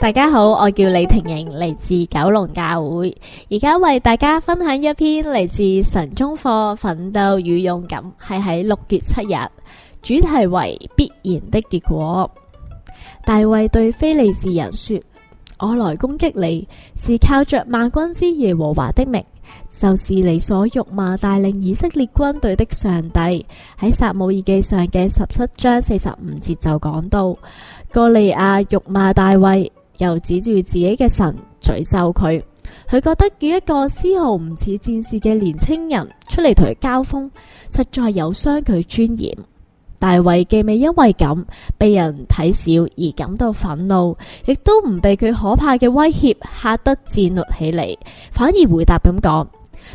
大家好，我叫李婷瑩，嚟自九龍教會，而家為大家分享一篇嚟自神中課《奮鬥與勇敢》，係喺六月七日，主題為必然的結果。大衛對非利士人說我來攻擊你，是靠着萬軍之耶和華的名，就是你所辱罵帶領以色列軍隊的上帝。喺撒母耳記上嘅十七章四十五節就講到，哥利亞辱罵大衛，又指住自己嘅神詛咒佢。佢覺得叫一個絲毫唔似戰士嘅年青人出嚟同佢交鋒，實在有傷佢尊嚴。大衛既未因為咁被人睇小而感到憤怒，亦都唔被佢可怕嘅威脅嚇得戰慄起嚟，反而回答咁講：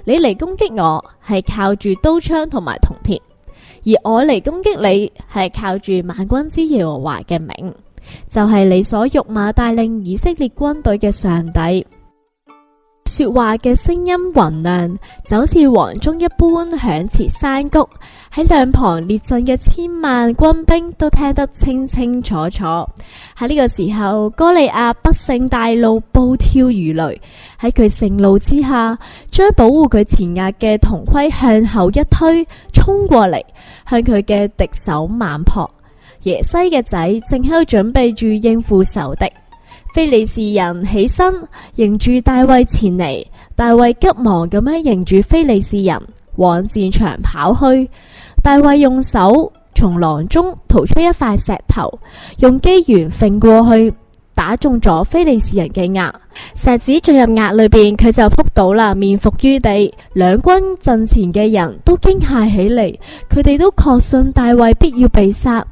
你嚟攻擊我係靠住刀槍同埋銅鐵，而我嚟攻擊你係靠住萬軍之耶和華嘅名，就係、是、你所辱罵帶領以色列軍隊嘅上帝。說話嘅聲音宏亮，就好似黃鐘一般響徹山谷。喺兩旁列陣嘅千萬軍兵都聽得清清楚楚。喺呢個時候，哥利亞不勝大怒，暴跳如雷。喺佢盛怒之下，將保護佢前額嘅銅盔向後一推，衝過嚟向佢嘅敵手猛撲。耶西嘅仔正喺度準備住應付仇敵。非利士人起身迎住大衛前嚟，大衛急忙咁樣迎住非利士人往戰場跑去。大衛用手從囊中掏出一塊石頭，用機緣揈過去，打中咗非利士人嘅額。石子進入額裏邊，佢就撲倒啦，面伏於地。兩軍陣前嘅人都驚嚇起嚟，佢哋都確信大衛必要被殺。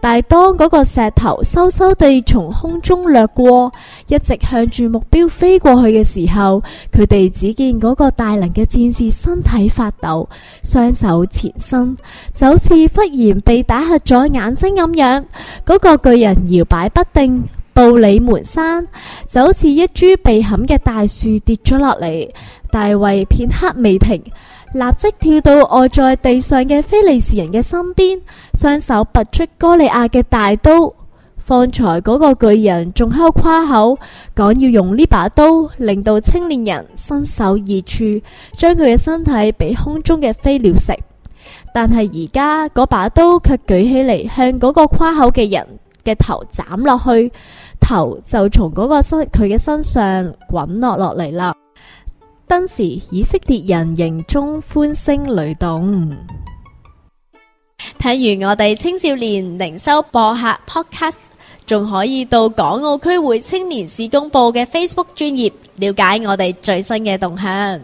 但係，當嗰個石頭嗖嗖地從空中掠過，一直向住目標飛過去嘅時候，佢哋只見嗰個大能嘅戰士身體發抖，雙手前伸，就好似忽然被打瞎咗眼睛咁樣，嗰、那個巨人搖擺不定，到裏門山，就好似一株被砍嘅大樹跌咗落嚟。大衛片刻未停，立即跳到臥在地上嘅菲利士人嘅身邊，雙手拔出哥利亞嘅大刀。方才嗰個巨人仲喺度誇口，講要用呢把刀令到青年人身首異處，將佢嘅身體俾空中嘅飛鳥食。但係而家嗰把刀卻舉起嚟向嗰個誇口嘅人嘅頭斬落去，頭就從個身佢嘅身上滾落落嚟啦。當時以色列人營中歡聲雷動。睇完我哋青少年靈修博客 Podcast，仲可以到港澳區會青年事工部嘅 Facebook 專頁，了解我哋最新嘅動向。